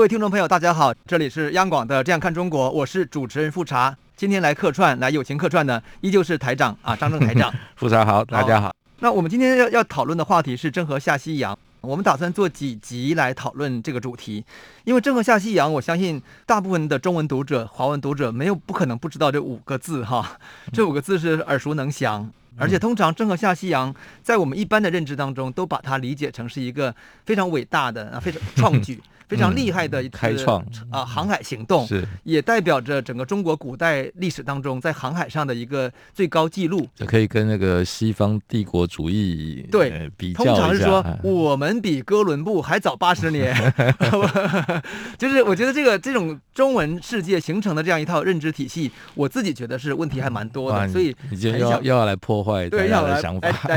各位聽眾朋友，大家好，這裡是央廣的《這樣看中國》，我是主持人富察，今天來客串，來友情客串的，依舊是台長啊，張正台長。富 察好，大家好。那我們今天要要討論的話題是鄭和下西洋，我們打算做幾集來討論這個主題，因為鄭和下西洋，我相信大部分的中文讀者、華文讀者沒有不可能不知道這五個字哈，這五個字是耳熟能詳。嗯而且通常鄭和下西洋，在我們一般的認知當中，都把它理解成是一個非常偉大的啊，非常創舉、非常厲害的開創啊航海行動。是、嗯、也代表着整個中國古代歷史當中在航海上的一個最高紀錄。可以跟那個西方帝國主義對、呃、比較一下。對，通常是說我們比哥倫布還早八十年。 就是我覺得這個這種中文世界形成的這樣一套認知體系，我自己覺得是問題還蠻多的，啊、所以你就要要來破壞。對，想對來來來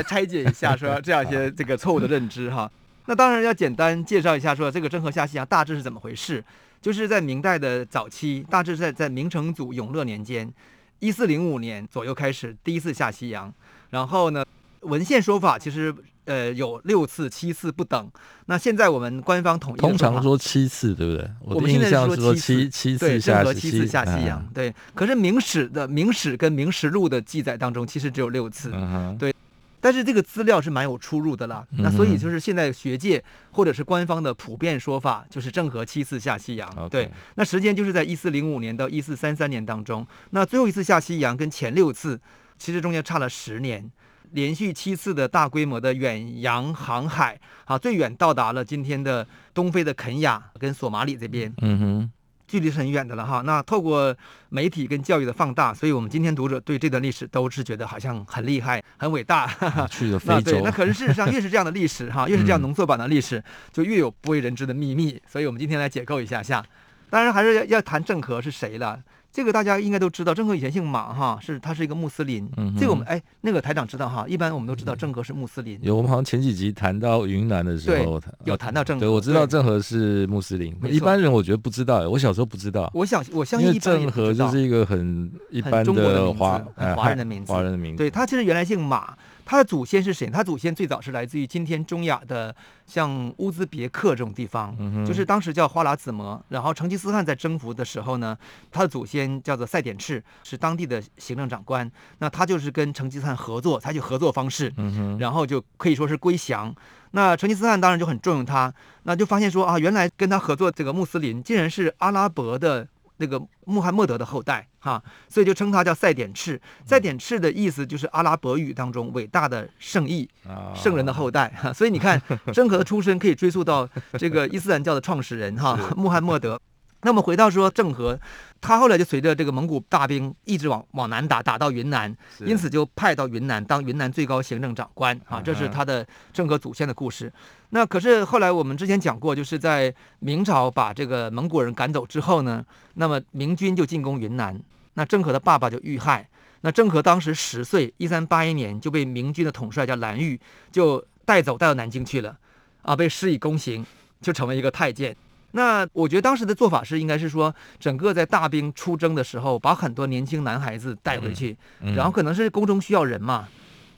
拆解一下，說這樣一些這個錯誤的認知哈。 那當然要簡單介紹一下，說這個鄭和下西洋大致是怎麼回事，就是在明代的早期，大致在在明成祖永樂年間，一四零五年左右開始第一次下西洋。然後呢，文獻說法其實。呃，有六次、七次不等。那現在我們官方統一通常說七次，對不對？我們現在說七七次下七次下西洋，對，鄭和下西洋、嗯，對。可是明史的《明史》跟《明實錄》的記載當中，其實只有六次、嗯，對。但是這個資料是蠻有出入的啦、嗯。那所以就是現在學界或者是官方的普遍說法，就是鄭和七次下西洋，嗯、對。Okay. 那時間就是在一四零五年到一四三三年當中。那最後一次下西洋跟前六次，其實中間差了十年。連續七次的大規模的遠洋航海啊，最遠到達了今天的東非的肯亞跟索馬里這邊，嗯哼，距離是很遠的了哈。那透過媒體跟教育的放大，所以我們今天讀者對這段歷史都是覺得好像很厲害、很偉大，去的非洲，那對，那可是事實上越是這樣的歷史哈，越是這樣濃縮版的歷史，就越有不為人知的秘密。所以我們今天來解構一下下，當然還是要要談鄭和是誰了。這個大家應該都知道，鄭和以前姓馬哈，是他是一個穆斯林。嗯、這個我們哎，那個台長知道哈，一般我們都知道鄭和是穆斯林。有我們好像前幾集談到雲南的時候，有談到鄭和、呃，對，我知道鄭和是穆斯林。一般人我覺得不知道，我小時候不知道。我想我相信鄭和就是一個很一般的，華，中國的、哎、華人的名字，華人的名字，對，他其實原來姓馬。他的祖先是誰？他祖先最早是來自於今天中亞的，像烏茲別克這種地方，嗯哼。就是當時叫花剌子模，然後成吉思汗在征服的時候呢，他的祖先叫做賽典赤，是當地的行政長官。那他就是跟成吉思汗合作，採取合作方式。嗯哼。然後就可以說是歸降。那成吉思汗當然就很重用他，那就發現說啊，原來跟他合作這個穆斯林，竟然是阿拉伯的。那、這個穆罕默德的後代哈，所以就稱他叫賽典赤。賽、嗯、典赤的意思就是阿拉伯語當中“偉大的聖裔、哦、聖人的後代”哈。所以你看，鄭和的出身可以追溯到這個伊斯蘭教的創始人 哈穆罕默德。那麼回到說鄭和，他後來就隨着這個蒙古大兵一直往往南打，打到雲南，因此就派到雲南當雲南最高行政長官啊，這是他的鄭和祖先的故事。那可是後來我們之前講過，就是在明朝把這個蒙古人趕走之後呢，那麼明軍就進攻雲南，那鄭和的爸爸就遇害，那鄭和當時十歲，一三八一年就被明軍的統帥叫藍玉就帶走帶到南京去了，啊，被施以宮刑，就成為一個太監。那我覺得當時的做法是，應該是說，整個在大兵出征的時候，把很多年輕男孩子帶回去，嗯嗯、然後可能是宮中需要人嘛，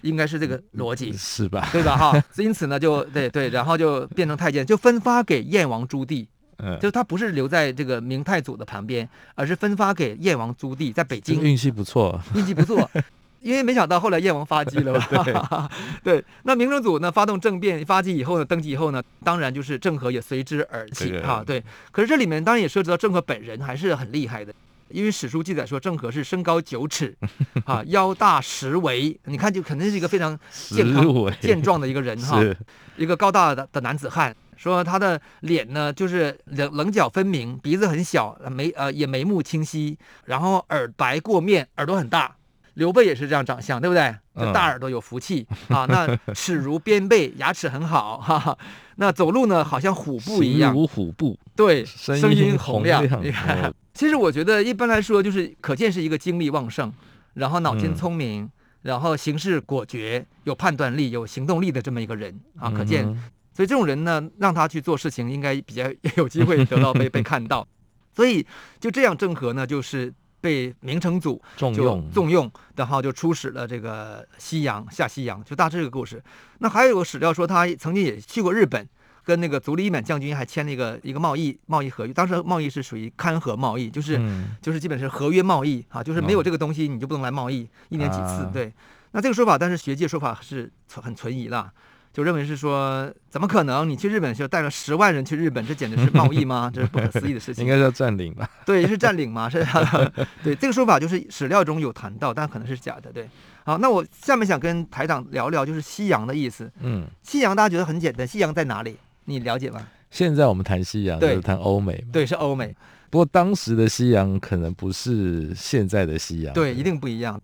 應該是這個邏輯，嗯、是吧？對吧？哈，因此呢，就對對，然後就變成太監，就分發給燕王朱棣，嗯，就是他不是留在這個明太祖的旁邊，而是分發給燕王朱棣，在北京，運氣不錯，運氣不錯。因為沒想到後來燕王發跡了嘛， 對， 對。那明成祖呢，發動政變發跡以後呢，登基以後呢，當然就是鄭和也隨之而起對對啊。對。可是這裡面當然也涉及到鄭和本人還是很厲害的，因為史書記載說鄭和是身高九尺，啊，腰大十圍。 你看就肯定是一個非常健康健壯的一個人哈、啊，一個高大的的男子漢。說他的臉呢，就是稜稜角分明，鼻子很小，眉呃也眉目清晰，然後耳白過面，耳朵很大。劉備也是這樣長相，對不對？就大耳朵有福氣、嗯、 啊，那齒如編貝，牙齒很好哈、啊。那走路呢，好像虎步一樣。如虎步。對，聲音洪亮，聲音洪亮、哦。其實我覺得一般來說，就是可見是一個精力旺盛，然後腦筋聰明，嗯、然後行事果決，有判斷力，有行動力的這麼一個人啊。可見、嗯，所以這種人呢，讓他去做事情，應該比較有機會得到被 被看到。所以就這樣，鄭和呢，就是。被明成祖重用，重用，然後就出使了這個西洋，下西洋，就大致這個故事。那還有一個史料說，他曾經也去過日本，跟那個足利義滿將軍還簽了一個一個貿易貿易合約。當時貿易是屬於勘合貿易，就是、嗯、就是基本是合約貿易啊，就是沒有這個東西你就不能來貿易，嗯、一年幾次。對、呃，那這個說法，但是學界說法是存很存疑的。就認為是說，怎麼可能？你去日本就帶了十萬人去日本，這簡直是貿易嗎？ 這是不可思議的事情。 應該叫占領吧？對，是占領嗎？是、啊。 對，這個說法就是史料中有談到，但可能是假的。對。好，那我下面想跟台長聊聊，就是“西洋”的意思。嗯。西洋大家覺得很簡單，西洋在哪裡？你了解嗎？現在我們談西洋，就是談歐美。對，是歐美。不過當時的西洋可能不是現在的西洋。對，對，一定不一樣。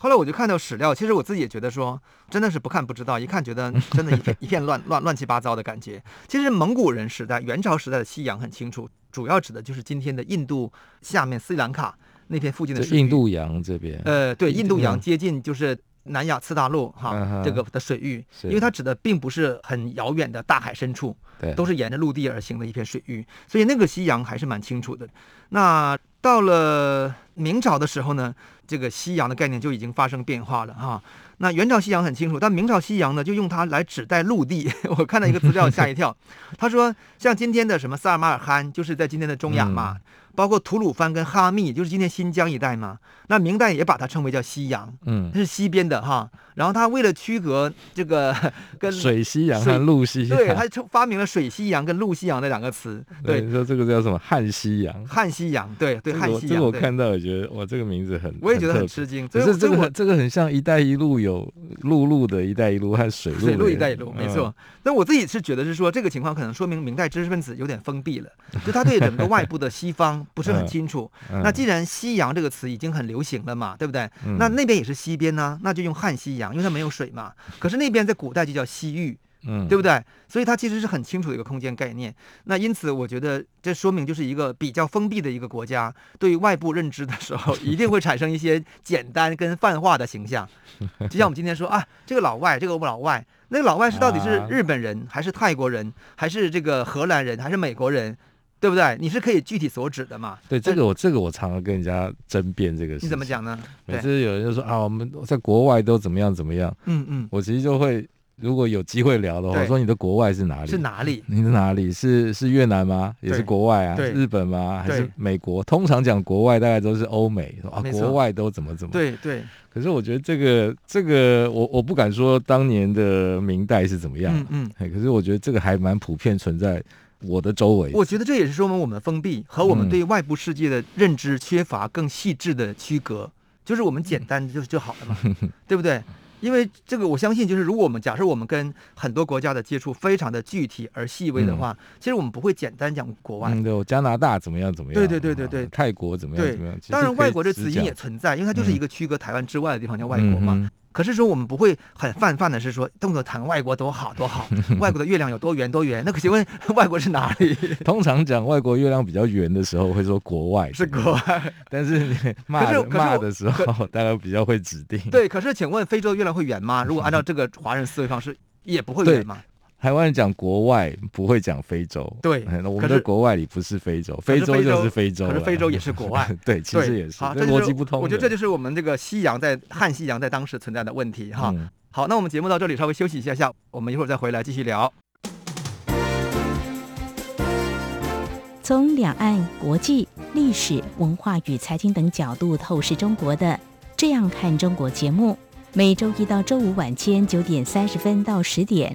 後來我就看到史料，其實我自己也覺得說，真的是不看不知道，一看覺得真的一片 一片亂亂亂七八糟的感覺。其實蒙古人時代、元朝時代的西洋很清楚，主要指的就是今天的印度下面斯里蘭卡那片附近的水，是印度洋這邊。呃，對，印度洋接近就是南亞次大陸哈，這個的水域、啊，因為它指的並不是很遙遠的大海深處，對，都是沿着陸地而行的一片水域，所以那個西洋還是蠻清楚的。那到了。明朝的時候呢，這個西洋的概念就已經發生變化了哈、啊。那元朝西洋很清楚，但明朝西洋呢，就用它來指代陸地。我看到一個資料嚇一跳， 他說像今天的什麼薩爾馬爾罕，就是在今天的中亞嘛。嗯。包括吐魯番跟哈密，就是今天新疆一帶嘛。那明代也把它稱為叫西洋，嗯，是西邊的哈。然後他為了區隔這個跟水，水西洋和陸西洋，對，他就發明了水西洋跟陸西洋那兩個詞。對，你說這個叫什麼漢西洋？漢西洋，對對，漢西洋、這個。這個我看到也覺得哇，這個名字很，我也覺得很吃驚。只是這個我這個很像“一帶一路”，有陸路的“一帶一路”和水路的“水路一帶一路”嗯。沒錯。那我、嗯、我自己是覺得是說，這個情況可能說明明代知識分子有點封閉了，就他對整個外部的西方。 不是很清楚。嗯嗯、那既然“西洋”這個詞已經很流行了嘛，對不對？嗯、那那邊也是西邊呢？啊，那就用旱西洋，因為它沒有水嘛。可是那邊在古代就叫西域，嗯，對不對？所以它其實是很清楚的一個空間概念。那因此，我覺得這說明就是一個比較封閉的一個國家，對於外部認知的時候，一定會產生一些簡單跟泛化的形象。 就像我們今天說啊，這個老外，這個老外，那個老外是到底是日本人、啊、還是泰國人還是這個荷蘭人還是美國人？對不對？你是可以具體所指的嘛？對，這個我這個我常常跟人家爭辯這個事。你怎麼講呢？每次有人就說啊，我們在國外都怎麼樣怎麼樣。嗯嗯。我其實就會，如果有機會聊的話，我說你的國外是哪裡？是哪裡？你的哪裡？是是越南嗎？也是國外啊？日本嗎？還是美國？通常講國外大概都是歐美啊，國外都怎麼怎麼。對對。可是我覺得這個這個，我我不敢說當年的明代是怎麼樣啊。嗯嗯。可是我覺得這個還蠻普遍存在。我的周圍，我覺得這也是說明我們封閉和我們對外部世界的認知缺乏更細緻的區隔，嗯、就是我們簡單就就好了嘛、嗯，對不對？因為這個我相信，就是如果我們假設我們跟很多國家的接觸非常的具體而細微的話，嗯、其實我們不會簡單講國外、嗯、對哦，加拿大怎麼樣怎麼樣，對對對對對，泰國怎麼樣怎麼樣，當然外國這詞音也存在、嗯，因為它就是一個區隔台灣之外的地方、嗯、叫外國嘛。嗯可是說我們不會很泛泛的，是說，動作談外國多好多好，外國的月亮有多圓多圓。那可請問外國是哪裡？通常講外國月亮比較圓的時候，會說國外是國外，但是罵可是罵的時候，大家比較會指定。對，可是請問非洲月亮會圓嗎？如果按照這個華人思維方式，也不會圓嗎？台灣人講國外不會講非洲，對，我們的國外裡不是非洲，非洲就是非洲，可是非洲也是國外， 對，其實也是這邏輯不通，就是。我覺得這就是我們這個西洋在漢西洋在當時存在的問題哈，嗯。好，那我們節目到這裡稍微休息一下下，我們一會兒再回來繼續聊。從兩岸國際歷史文化與財經等角度透視中國的這樣看中國節目，每週一到週五晚間九點三十分到十點，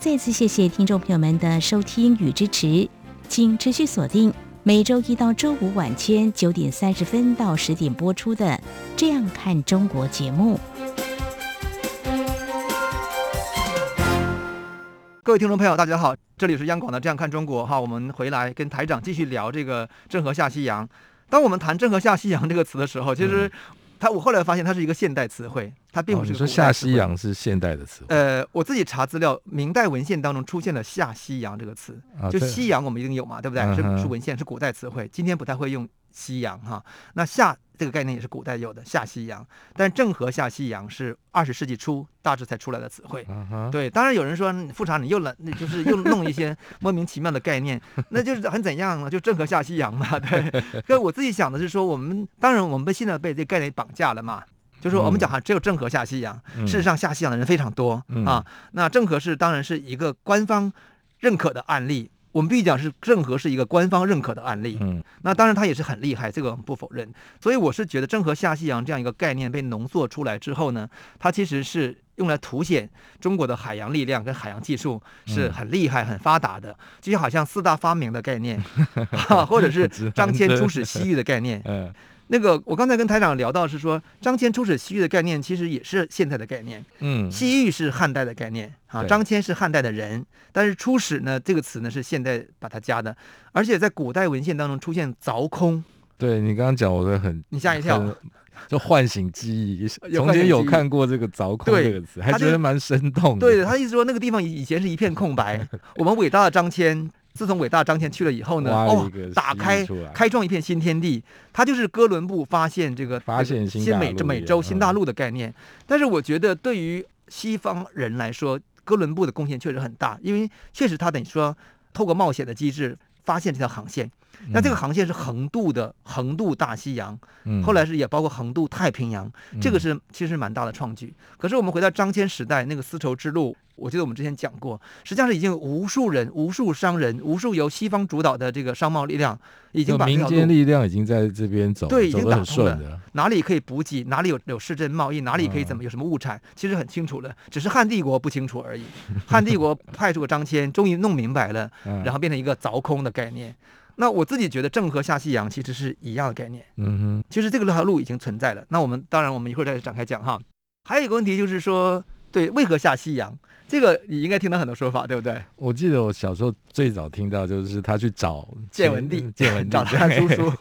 再次謝謝聽眾朋友們的收聽與支持，請持續鎖定每周一到周五晚間九點三十分到十點播出的《這樣看中國》節目。各位聽眾朋友，大家好，這裡是央廣的《這樣看中國》哈，我們回來跟台長繼續聊這個鄭和下西洋。當我們談“鄭和下西洋”這個詞的時候，其實。嗯。他我後來發現他是一個現代詞彙，他並不是、哦。你說“下西洋”是現代的詞彙。呃，我自己查資料，明代文獻當中出現了“下西洋”這個詞，哦、就西洋我們一定有嘛，對不對？嗯、是是文獻，是古代詞彙，今天不太會用。西洋哈、啊，那下這個概念也是古代有的，下西洋。但鄭和下西洋是二十世紀初大致才出來的詞彙。Uh-huh. 對，當然有人說，你富察你又冷，那就是又弄一些莫名其妙的概念， 那就是很怎樣呢？就鄭和下西洋嘛。對，我自己想的是說，我們當然我們被現在被這個概念綁架了嘛。就是我們講哈，只有鄭和下西洋、嗯，事實上下西洋的人非常多、嗯、啊。那鄭和是當然是一個官方認可的案例。我們必須講是鄭和是一個官方認可的案例，嗯，那當然他也是很厲害，這個不否認。所以我是覺得鄭和下西洋這樣一個概念被濃縮出來之後呢，它其實是用來凸顯中國的海洋力量跟海洋技術是很厲害、很發達的，就像好像四大發明的概念， 或者是張騫出使西域的概念。 嗯那個，我剛才跟台長聊到是說，張騫出使西域的概念其實也是現代的概念。嗯，西域是漢代的概念啊，張騫是漢代的人，但是出使呢這個詞呢是現代把它加的，而且在古代文獻當中出現鑿空。對，你剛剛講我的很，我都很你嚇一跳，就喚醒記憶, 記憶。從前有看過這個鑿空這個詞，還覺得蠻生動的。對，他意思說那個地方以前是一片空白， 我們偉大的張騫。自從偉大張騫去了以後呢，哦，打開開創一片新天地，他就是哥倫布發現這個發現新美這美洲新大陸的概念。嗯。但是我覺得對於西方人來說，哥倫布的貢獻確實很大，因為確實他等於說透過冒險的機制發現這條航線。那這個航線是橫渡的，橫渡大西洋，嗯、後來是也包括橫渡太平洋、嗯，這個是其實蠻大的創舉。可是我們回到張騫時代那個絲綢之路，我覺得我們之前講過，實際上是已經無數人、無數商人、無數由西方主導的這個商貿力量，已經把民間力量已經在這邊走了，對，走得很順的，已經打通了。哪裡可以補給，哪裡有有市政貿易，哪裡可以怎麼、嗯、有什麼物產，其實很清楚了，只是漢帝國不清楚而已。漢帝國派出了張騫，終於弄明白了，然後變成一個鑿空的概念。那我自己覺得，鄭和下西洋其實是一樣的概念。嗯哼，其實這個這條路已經存在了。那我們當然，我們一會兒再展開講哈。還有一個問題就是說，對，為何下西洋？這個你應該聽到很多說法，對不對？我記得我小時候最早聽到就是他去找建文帝，嗯、建文帝找他叔叔，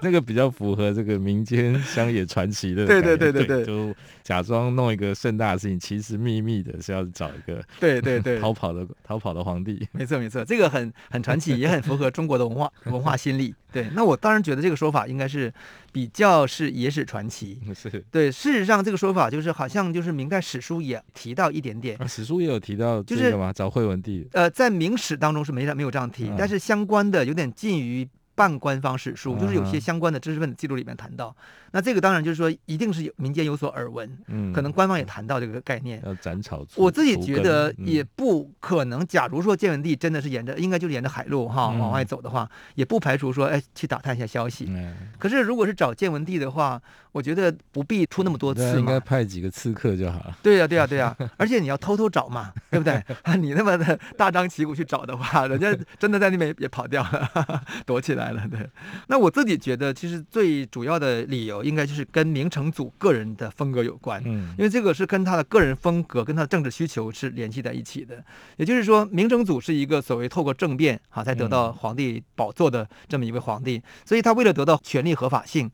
那個比較符合這個民間鄉野傳奇的感覺 對對對對對，對，就假裝弄一個盛大的事情，其實秘密的是要找一個對對對、嗯、逃跑的逃跑的皇帝。沒錯沒錯，這個很很傳奇，也很符合中國的文化 文化心理。對，那我當然覺得這個說法應該是。比較是野史傳奇是，是對。事實上，這個說法就是好像就是明代史書也提到一點點，啊、史書也有提到這個嗎？就是什麼找惠文帝。呃，在明史當中是沒沒有這樣提、嗯，但是相關的有點近於。半官方史書就是有些相關的知識分子記錄裡面談到，啊、那這個當然就是說一定是有民間有所耳聞，嗯，可能官方也談到這個概念。要斬草除，我自己覺得也不可能、嗯。假如說建文帝真的是沿着，應該就是沿着海路哈往外走的話、嗯，也不排除說哎去打探一下消息、嗯。可是如果是找建文帝的話，我覺得不必出那麼多次嘛，應該派幾個刺客就好了。對呀、啊，對呀、啊，對呀、啊，對啊、 而且你要偷偷找嘛，對不對？ 你那麼的大張旗鼓去找的話，人家真的在那邊也， 也跑掉了，躲起來。對，那我自己覺得，其實最主要的理由應該就是跟明成祖個人的風格有關，嗯，因為這個是跟他的個人風格、跟他的政治需求是聯繫在一起的。也就是說，明成祖是一個所謂透過政變哈、啊、才得到皇帝寶座的這麼一位皇帝，嗯、所以他為了得到權力合法性，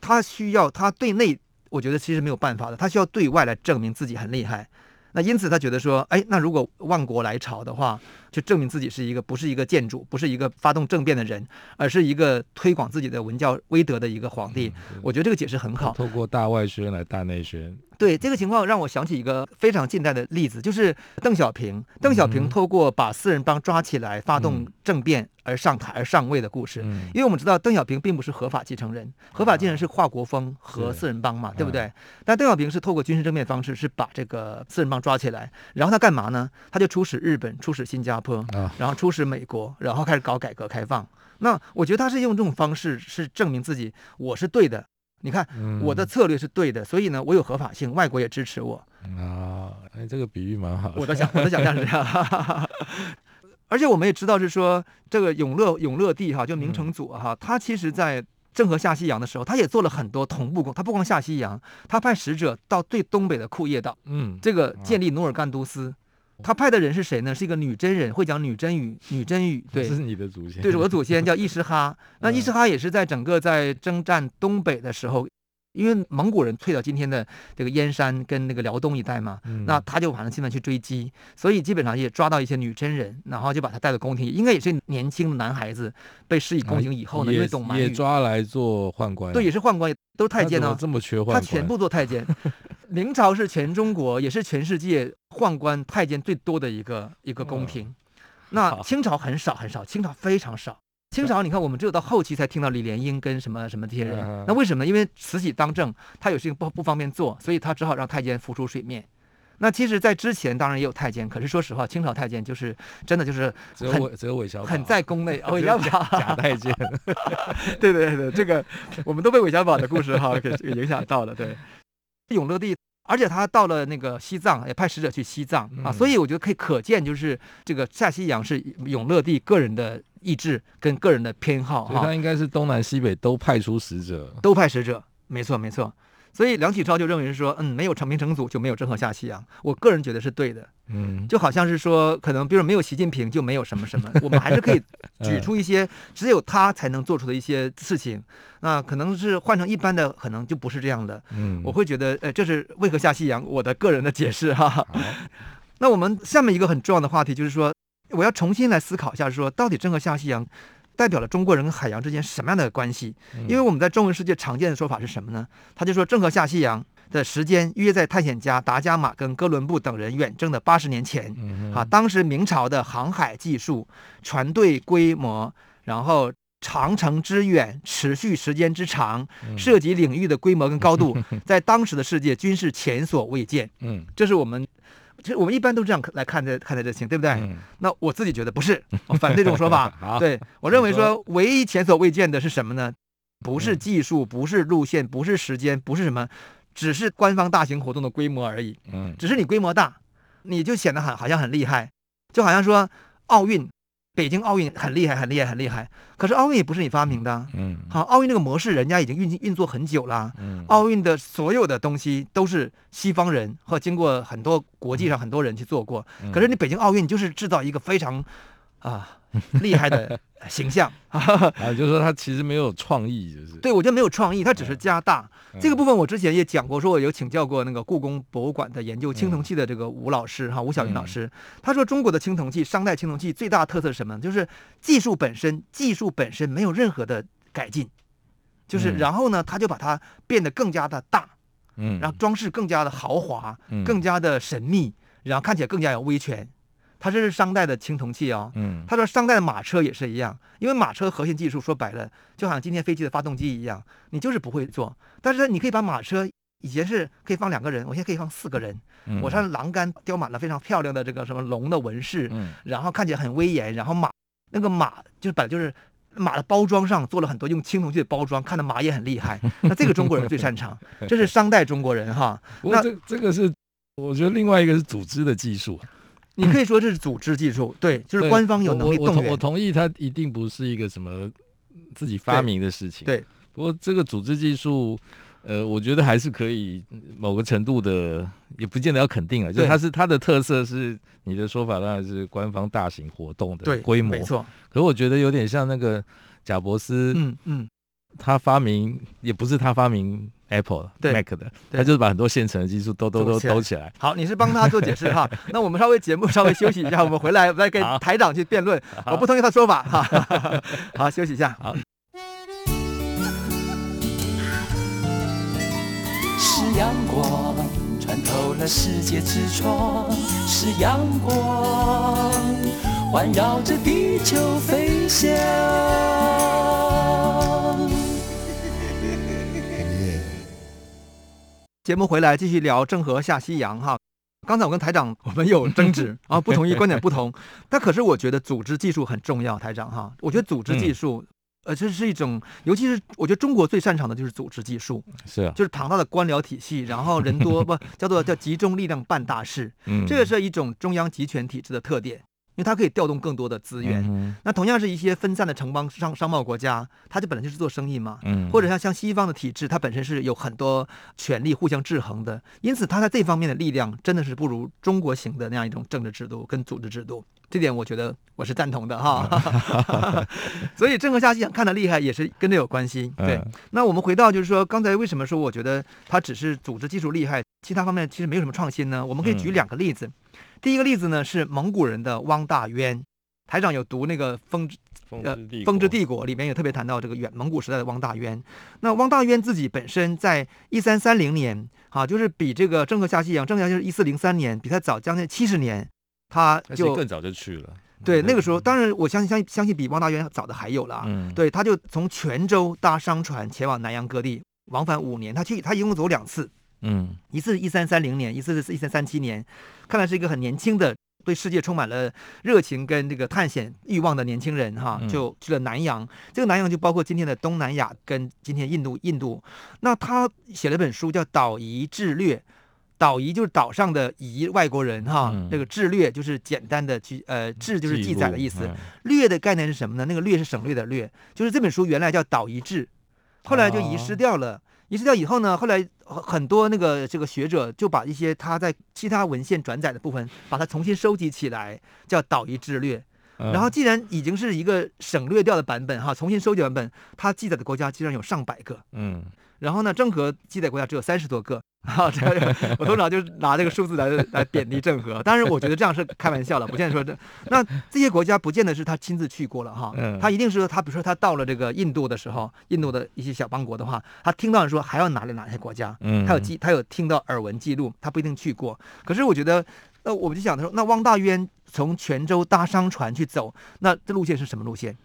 他需要他對內，我覺得其實沒有辦法的，他需要對外來證明自己很厲害。那因此他覺得說，哎，那如果萬國來朝的話。就證明自己是一個不是一個僭主，不是一個發動政變的人，而是一個推廣自己的文教威德的一個皇帝。嗯、我覺得這個解釋很好，透過大外宣來大內宣。對，這個情況讓我想起一個非常近代的例子，就是鄧小平、嗯。鄧小平透過把四人幫抓起來發動政變而上台而上位的故事，嗯嗯、因為我們知道鄧小平並不是合法繼承人，啊、合法繼承人是華國鋒和四人幫嘛，對不對、啊？但鄧小平是透過軍事政變方式，是把這個四人幫抓起來，然後他干嘛呢？他就出使日本，出使新加坡。然後出使美國，然後開始搞改革開放。那我覺得他是用這種方式是證明自己，我是對的。你看，嗯、我的策略是對的，所以呢，我有合法性，外國也支持我。嗯、啊，哎，這個比喻蠻好的。我的想，我的想象是這樣。 而且我們也知道是說，這個永樂永樂帝哈、啊，就明成祖哈、啊嗯，他其實在鄭和下西洋的時候，他也做了很多同步工。他不光下西洋，他派使者到最東北的庫頁島，嗯，這個建立努爾干都司。嗯他派的人是誰呢？是一個女真人，會講女真語。女真語，對，這是你的祖先。對，我的祖先叫亦失哈。 那亦失哈也是在整個在征戰東北的時候。因為蒙古人退到今天的這個燕山跟那個遼東一帶嘛，嗯、那他就反正經常去追擊，所以基本上也抓到一些女真人，然後就把他帶到宮廷，應該也是年輕的男孩子被施以宮刑以後呢，啊、因為懂嗎，也抓來做宦官。對，也是宦官，都是太監呢、啊。怎麼這麼缺宦官？他全部做太監。 明朝是全中國也是全世界宦官太監最多的一個一個宮廷、嗯，那清朝很少很少，清朝非常少。清朝，你看我們只有到後期才聽到李蓮英跟什麼什麼這些人，啊、那為什麼呢？因為慈禧當政，她有事情不不方便做，所以她只好讓太監浮出水面。那其實，在之前當然也有太監，可是說實話，清朝太監就是真的就是很只有只有韋小寶很在宮內，韋、哦、假，假太監， 對對對對，這個我們都被韋小寶的故事哈給影響到了，對， 永樂帝。而且他到了那個西藏，也派使者去西藏，嗯，啊，所以我覺得可以可見，就是這個下西洋是永樂帝個人的意志跟個人的偏好。所以他應該是東南西北都派出使者，都派使者，沒錯，沒錯。所以梁啟超就認為說，嗯，沒有成明成祖就沒有鄭和下西洋。我個人覺得是對的，嗯，就好像是說，可能比如沒有習近平就沒有什麼什麼，我們還是可以舉出一些只有他才能做出的一些事情。 嗯、那可能是換成一般的，可能就不是這樣的。嗯，我會覺得，呃，這是為何下西洋？我的個人的解釋哈、啊。 那我們下面一個很重要的話題就是說，我要重新來思考一下說，說到底鄭和下西洋，代表了中國人跟海洋之間什麼樣的關係？因為我們在中文世界常見的說法是什麼呢？他就說鄭和下西洋的時間約在探險家達伽馬跟哥倫布等人遠征的八十年前。啊，當時明朝的航海技術、船隊規模，然後航程之遠、持續時間之長、涉及領域的規模跟高度，在當時的世界均是前所未見。嗯，這是我們。其實我們一般都這樣來看待看待這事情，對不對？嗯，那我自己覺得不是，我反對這種說法。 對，我認為說，唯一前所未見的是什麼呢？嗯，不是技術，不是路線，不是時間，不是什麼，只是官方大型活動的規模而已。嗯，只是你規模大，你就顯得很好像很厲害，就好像說奧運。北京奧運很厲害，很厲害，很厲害。可是奧運也不是你發明的，嗯，好、啊，奧運那個模式人家已經運運作很久了，嗯，奧運的所有的東西都是西方人或經過很多國際上很多人去做過。嗯嗯、可是你北京奧運，就是製造一個非常啊、呃、厲害的。 形象， 啊就是說，他其實沒有創意，就是對我覺得沒有創意，他只是加大、嗯、這個部分。我之前也講過，說我有請教過那個故宮博物館的研究青銅器的這個吳老師哈、嗯，吳曉雲老師，他說中國的青銅器，商代青銅器最大特色是什麼？就是技術本身，技術本身沒有任何的改進，就是然後呢，他就把它變得更加的大，嗯，然後裝飾更加的豪華，嗯、更加的神祕，然後看起來更加有威權。它這是商代的青銅器哦，嗯，他說商代的馬車也是一樣，嗯，因為馬車核心技術說白了，就好像今天飛機的發動機一樣，你就是不會做，但是你可以把馬車以前是可以放兩個人，我現在可以放四個人，嗯，我上欄杆雕滿了非常漂亮的這個什麼龍的紋飾，嗯，然後看起來很威嚴，然後馬那個馬就是本來就是馬的包裝上做了很多用青銅器的包裝，看的馬也很厲害，那這個中國人最擅長， 這是商代中國人哈。不過這那這這個是我覺得另外一個是組織的技術。你可以說這是組織技術，對，就是官方有能力動員。我我同意，它一定不是一個什麼自己發明的事情，對。對，不過這個組織技術，呃，我覺得還是可以某個程度的，也不見得要肯定啊。就它是它的特色是，你的說法當然是官方大型活動的規模，對，沒錯。可是我覺得有點像那個賈伯斯，嗯嗯，他發明也不是他發明。Apple 的，Mac 的，他就是把很多現成的技術都都都兜起來。好，你是幫他做解釋哈。 那我們稍微節目稍微休息一下， 我們回來，我們再跟台長去辯論。我不同意他的說法哈。好,好, 好，休息一下。好。是陽光穿透了世界之窗，是陽光環繞着地球飛翔。節目回來繼續聊鄭和下西洋哈。剛才我跟台長我們有爭執， 啊，不同意觀點不同。但可是我覺得組織技術很重要，台長哈。我覺得組織技術，嗯、呃，這是一種，尤其是我覺得中國最擅長的就是組織技術，是、啊、就是龐大的官僚體系，然後人多不叫做叫集中力量辦大事，嗯， 這個是一種中央集權體制的特點。因為它可以調動更多的資源，mm -hmm. 那同樣是一些分散的城邦商商貿國家，它就本來就是做生意嘛，mm -hmm. 或者像像西方的體制，它本身是有很多權力互相制衡的，因此它在這方面的力量真的是不如中國型的那樣一種政治制度跟組織制度，這點我覺得我是贊同的哈。 所以鄭和下西洋看得厲害也是跟這有關係。對，uh -huh. 那我們回到就是說剛才為什麼說我覺得它只是組織技術厲害，其他方面其實沒有什麼創新呢？我們可以舉兩個例子。Mm -hmm. 第一個例子呢，是蒙古人的汪大淵，台長有讀那個《風之風之帝國》呃帝國，裡面有特別談到這個遠，蒙古時代的汪大淵。那汪大淵自己本身在一三三零年啊，就是比這個鄭和下西洋，鄭和下西是一四零三年，比他早將近七十年。他就更早就去了。對，那個時候，當然我相信相相信比汪大淵早的還有了、嗯。對，他就從泉州搭商船前往南洋各地，往返五年，他去他一共走兩次。嗯，一次是一三三零年，一次是一三三七年，看來是一個很年輕的，對世界充滿了熱情跟這個探險欲望的年輕人哈，就去了南洋。嗯、這個南洋就包括今天的東南亞跟今天印度，印度。那他寫了一本書叫《島夷志略》，島夷就是島上的夷外國人哈，嗯、這個志略就是簡單的去呃志就是記載的意思，略、嗯、的概念是什麼呢？那個略是省略的略，就是這本書原來叫《島夷志》，後來就遺失掉了。哦遺失掉以後呢，後來很多那個這個學者就把一些他在其他文獻轉載的部分，把它重新收集起來，叫《島夷志略》。然後既然已經是一個省略掉的版本哈，重新收集版本，它記載的國家居然有上百個，嗯，然後呢，鄭和記載國家只有三十多個。哈， 我通常就是拿這個數字來來貶低鄭和，當然我覺得這樣是開玩笑了，不見得說這。那這些國家不見得是他親自去過了哈，他一定是說他比如說他到了這個印度的時候，印度的一些小邦國的話，他聽到人說還要哪裡哪些國家，他有記他有聽到耳聞記錄，他不一定去過。可是我覺得，那我們就想他說，那汪大淵從泉州搭商船去走，那這路線是什麼路線？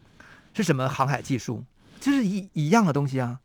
是什麼航海技術？就是一一樣的東西啊。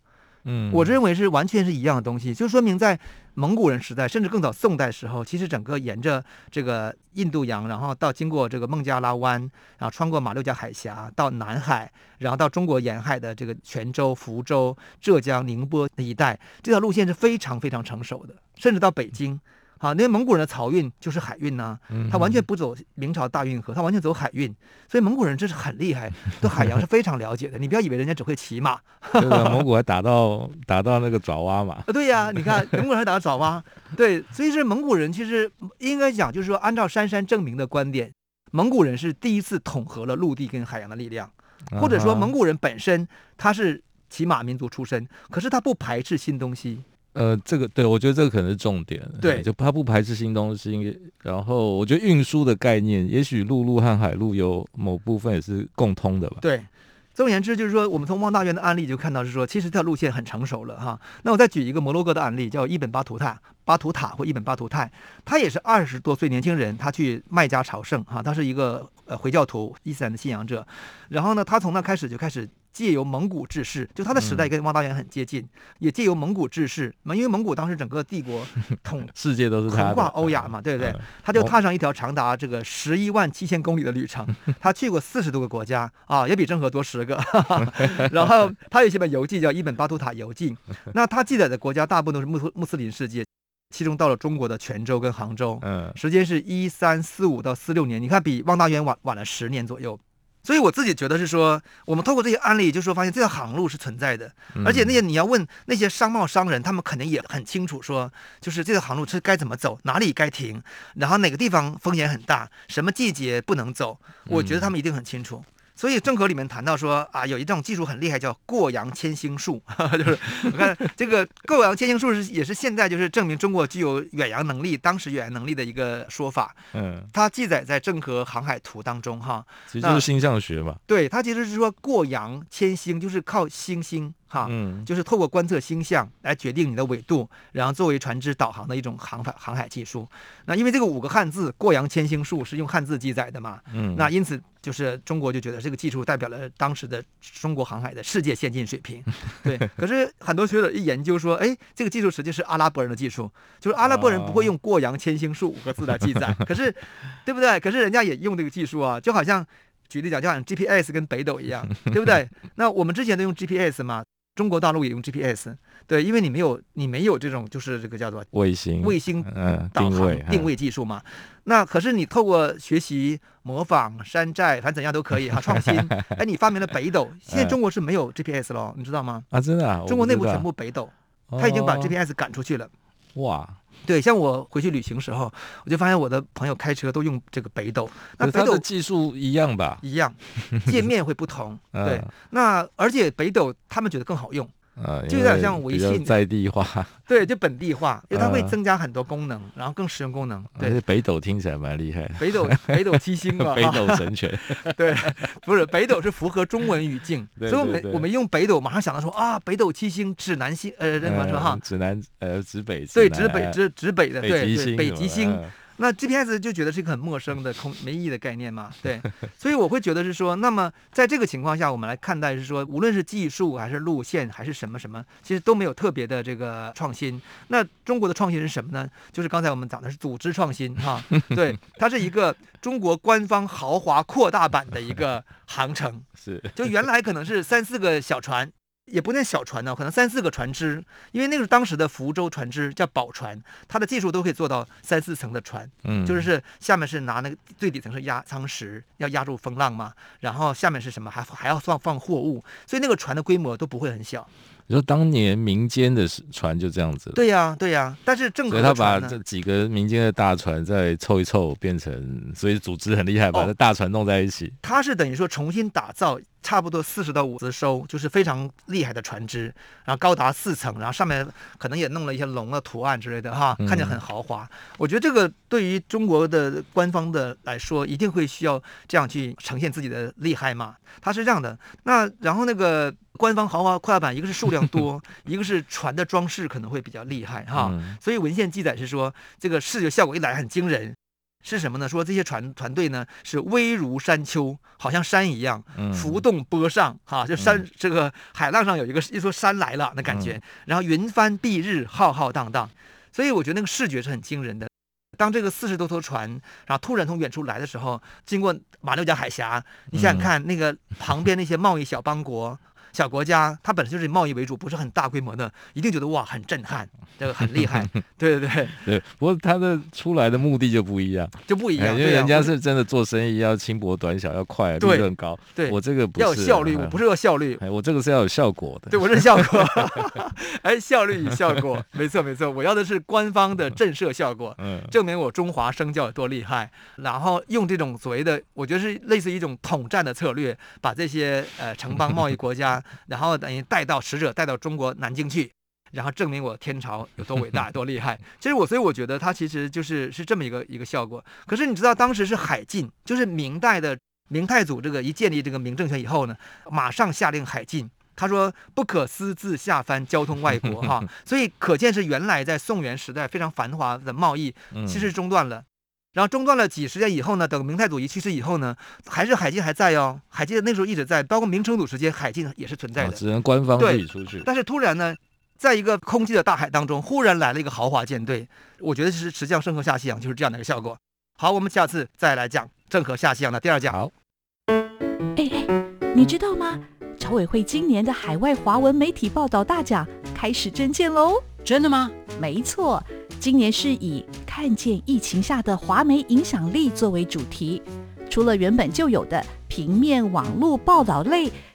嗯，我認為是完全是一樣的東西，就說明在蒙古人時代，甚至更早宋代時候，其實整個沿着這個印度洋，然後到經過這個孟加拉灣，然後穿過馬六甲海峽到南海，然後到中國沿海的這個泉州、福州、浙江、寧波那一帶，這條路線是非常非常成熟的，甚至到北京。嗯啊，因為蒙古人的漕運就是海運吶、啊，他完全不走明朝大運河，他完全走海運、嗯，所以蒙古人真是很厲害，對海洋是非常了解的。 你不要以為人家只會騎馬， 對蒙古還打到打到那個爪哇嘛？ 對呀、啊，你看蒙古人還打到爪哇。對，所以是蒙古人其實應該講，就是說按照杉山正明的觀點，蒙古人是第一次統合了陸地跟海洋的力量，或者說蒙古人本身他是騎馬民族出身，可是他不排斥新東西。呃，這個對我覺得這個可能是重點，對、嗯，就他不排斥新東西。然後我覺得運輸的概念，也許陸路和海路有某部分也是共通的吧。對，總而言之就是說，我們從汪大淵的案例就看到是說，其實這條路線很成熟了哈。那我再舉一個摩洛哥的案例，叫伊本巴圖塔，巴圖塔或伊本巴圖泰，他也是二十多歲年輕人，他去麥加朝聖哈，他是一個呃回教徒，伊斯蘭的信仰者。然後呢，他從那開始就開始。借由蒙古治世，就他的時代跟汪大淵很接近，嗯、也借由蒙古治世，因為蒙古當時整個帝國統世界都是橫跨歐亞嘛，對不對、嗯？他就踏上一條長達這個十一萬七千公里的旅程，嗯、他去過四十多個國家、嗯、啊，也比鄭和多十個哈哈。然後他有一本遊記叫《伊本巴圖塔遊記》，那他記載的國家大部分都是穆穆斯林世界，其中到了中國的泉州跟杭州，時間是一三四五到四六年，你看比汪大淵晚晚了十年左右。所以我自己覺得是說，我們透過這些案例，就是說發現這條航路是存在的，嗯，而且那些你要問那些商貿商人，他們肯定也很清楚說，說就是這條航路是該怎麼走，哪裡該停，然後哪個地方風險很大，什麼季節不能走，我覺得他們一定很清楚。嗯。所以鄭和裡面談到說啊，有一種技術很厲害，叫過洋牽星術， 就是你看這個過洋牽星術是也是現在就是證明中國具有遠洋能力，當時遠洋能力的一個說法。嗯，它記載在鄭和航海圖當中哈、嗯。其實就是星象學嘛。對，它其實是說過洋牽星就是靠星星。哈嗯，就是透過觀測星象來決定你的緯度，然後作為船隻導航的一種航航海技術。那因為這個五個漢字“過洋牽星術”是用漢字記載的嘛，嗯，那因此就是中國就覺得這個技術代表了當時的中國航海的世界先進水平，對。可是很多學者一研究說，哎，這個技術實際是阿拉伯人的技術，就是阿拉伯人不會用“過洋牽星術”五個字來記載、哦，可是，對不對？可是人家也用這個技術啊，就好像舉例講，就好像 GPS 跟北斗一樣，對不對？那我們之前都用 GPS 嘛。中國大陸也用 GPS，對，因為你沒有你沒有這種就是這個叫做衛星導航定位定位技術嘛、呃嗯，那可是你透過學習模仿山寨反正怎樣都可以、啊、創新， 哎，你發明了北斗，現在中國是沒有 GPS 了、哎，你知道嗎？啊，真的、啊，中國內部全部北斗，他已經把 GPS 趕出去了，哦、哇。對，像我回去旅行時候，我就發現我的朋友開車都用這個北斗。那北斗的技術一樣吧？一樣，界面會不同。對，那而且北斗他們覺得更好用。呃，在就有點像微信在地化，對，就本地化，呃，因為它會增加很多功能，然後更實用功能。但是，呃、北斗聽起來蠻厲害，北斗北斗七星嘛，啊， 北斗神拳。 對，不是北斗是符合中文語境， 對對對對，所以我們我們用北斗馬上想到說啊，北斗七星指南星，呃，什麼什麼哈，指南呃指北，指對，啊指指指啊，指北指指北的，對，北極星。那 GPS 就覺得是一個很陌生的，空沒意義的概念嘛。對，所以我會覺得是說，那麼在這個情況下，我們來看待是說，無論是技術還是路線還是什麼什麼，其實都沒有特別的這個創新。那中國的創新是什麼呢？就是剛才我們講的是組織創新啊，對，它是一個中國官方豪華擴大版的一個航程，是就原來可能是三四個小船。也不算小船呢，可能三四個船隻，因為那個當時的福州船隻，叫寶船，它的技術都可以做到三四層的船，嗯，就是下面是拿那個最底層是壓艙石，要壓住風浪嘛，然後下面是什麼，還還要放放貨物，所以那個船的規模都不會很小。你說當年民間的船就這樣子？對呀、啊，對呀、啊，但是鄭和他把這幾個民間的大船再湊一湊，變成所以組織很厲害，把這大船弄在一起。哦、他是等於說重新打造。差不多四十到五十艘，就是非常厲害的船只，然後高達四層，然後上面可能也弄了一些龍的圖案之類的哈，看着很豪華、嗯。我覺得這個對於中國的官方的來說，一定會需要這樣去呈現自己的厲害嘛。它是這樣的，那然後那個官方豪華快板，一個是數量多， 一個是船的裝飾可能會比較厲害哈、嗯。所以文獻記載是說，這個視覺效果一來很驚人。是什麼呢？說這些船、船隊呢，是巍如山丘，好像山一樣浮動波上，哈、嗯啊，就山、嗯、這個海浪上有一個一座山來了那感覺、嗯，然後雲帆蔽日，浩浩蕩、蕩蕩，所以我覺得那個視覺是很驚人的。當這個四十多艘船，然後突然從遠處來的時候，經過馬六甲海峽，你想想看，那個旁邊那些貿易小邦國。嗯 小國家，它本來就是以貿易為主，不是很大規模的，一定覺得哇很震撼，這個很厲害，對 對對對。對不過它的出來的目的就不一樣，就不一樣，欸、因為人家是真的做生意要輕薄短小，要快，利潤高。對,對我這個不是要有效率、啊，我不是要效率、欸，我這個是要有效果的。對，我是效果。哎、 欸，效率與效果， 沒錯沒錯，我要的是官方的震懾效果，證明我中華聲教有多厲害，然後用這種所謂的，我覺得是類似於一種統戰的策略，把這些呃城邦貿易國家。 然後等於帶到使者帶到中國南京去，然後證明我天朝有多偉大，多厲害。其實我所以我覺得他其實就是是這麼一個一個效果。可是你知道當時是海禁，就是明代的明太祖這個一建立這個明政權以後呢，馬上下令海禁，他說不可私自下番交通外國哈、啊。所以可見是原來在宋元時代非常繁華的貿易其實中斷了。嗯然後中斷了幾十年以後呢，等明太祖一去世以後呢，還是海禁還在哦，海禁那時候一直在，包括明成祖時間，海禁也是存在的。哦、只能官方自己出去。但是突然呢，在一個空寂的大海當中，忽然來了一個豪華艦隊，我覺得是“實際上鄭和下西洋”就是這樣的一個效果。好，我們下次再來講鄭和下西洋的第二講。好。哎哎，你知道嗎？僑委會今年的海外華文媒體報道大獎開始徵件嘍。真的嗎？沒錯，今年是以看見疫情下的華媒影響力作為主題，除了原本就有的平面、網絡報道類。